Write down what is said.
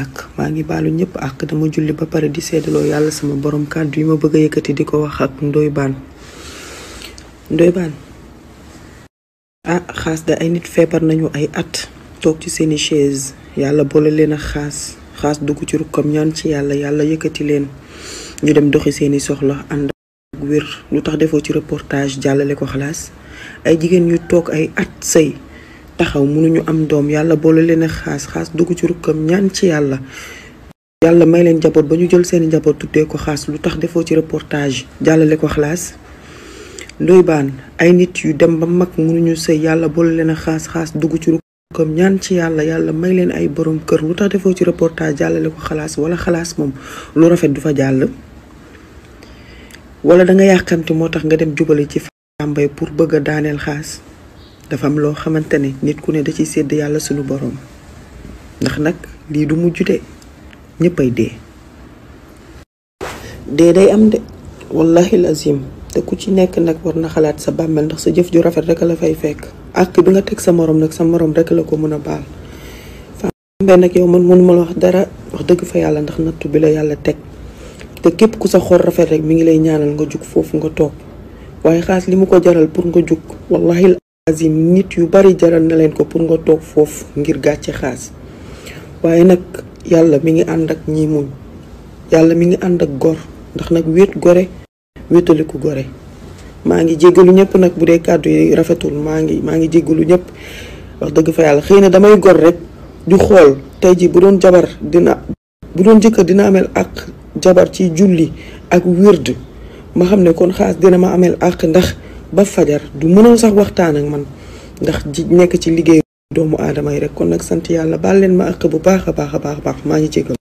ak maa ngi baalu ñëpp ak dama julli ba pare di seedaloo yàlla sama borom kàddu yi ma bëgg a yëkkati di ko wax ak ndoy baan Ndoye Bane ah xaas de ay nit feebar nañu ay at toog ci seeni chaise yàlla boole leen xas xaas dugg ci rukkam ñaan ci yàlla yàlla yëkkati leen ñu dem doxi seeni soxla ànd ak wér lu tax defoo ci reportage jàllale ko xalaas ay jigéen ñu toog ay at sëy taxaw ñu am doom yàlla boole leen a xaas xaas dugg ci rukkam ñaan ci yàlla yàlla may leen njaboot ba ñu jël seeni njaboot tuddee ko xaas lu tax defoo ci reportage jàllale ko xalaas ndoy ay nit yu dem ba mag mënuñu sëy yàlla boole leen a xaas dugg ci rukkam ñaan ci yàlla yàlla may leen ay boroom kër lu tax defoo ci reportage jàllale ko xalaas wala xalaas moom lu rafet du fa jàll wala danga yàqante moo tax nga dem jubali ci Fambaye pour bëgg daaneel xaas dafa am loo xamante ne nit ku ne da ciy sédd yàlla suñu boroom ndax nag lii du mujj de ñëppay dee. dee day am de la lazim te ku ci nekk nag war na xalaat sa bàmmeel ndax sa jëf ju rafet rek la fay fekk. ak bi nga teg sa moroom nag sa morom rek la ko mën a baal. Fambaye nag yow man mënuma la wax dara wax dëgg fa yàlla ndax nattu bi la yàlla teg te képp ku sa xol rafet rek mi ngi lay ñaanal nga jug foofu nga toog waaye xaas li mu ko jaral pour nga azim nit yu bari jaral na leen ko pour nga toog foofu ngir gàcce xaas waaye nag yàlla mi ngi ànd ak ñi muñ yàlla mi ngi ànd ak gor ndax nag wéet gore wéetaliku gore maa ngi jéggalu ñëpp nag bu dee kàddu yi rafetul maa ngi maa ngi jéggalu ñépp wax dëgg fa yàlla xëy na damay gor rek di xool tey ji bu doon jabar dina bu doon jëkkër dina ameel ak jabar ci julli ak wird ma xam ne kon xaas dina ma ameel ak ndax ba fajar du mënoo sax waxtaan ak man ndax ji nekk ci liggéey doomu aadama yi rek kon nag sant yàlla baal leen ma àq bu baax a baax a baax maa ngi jégal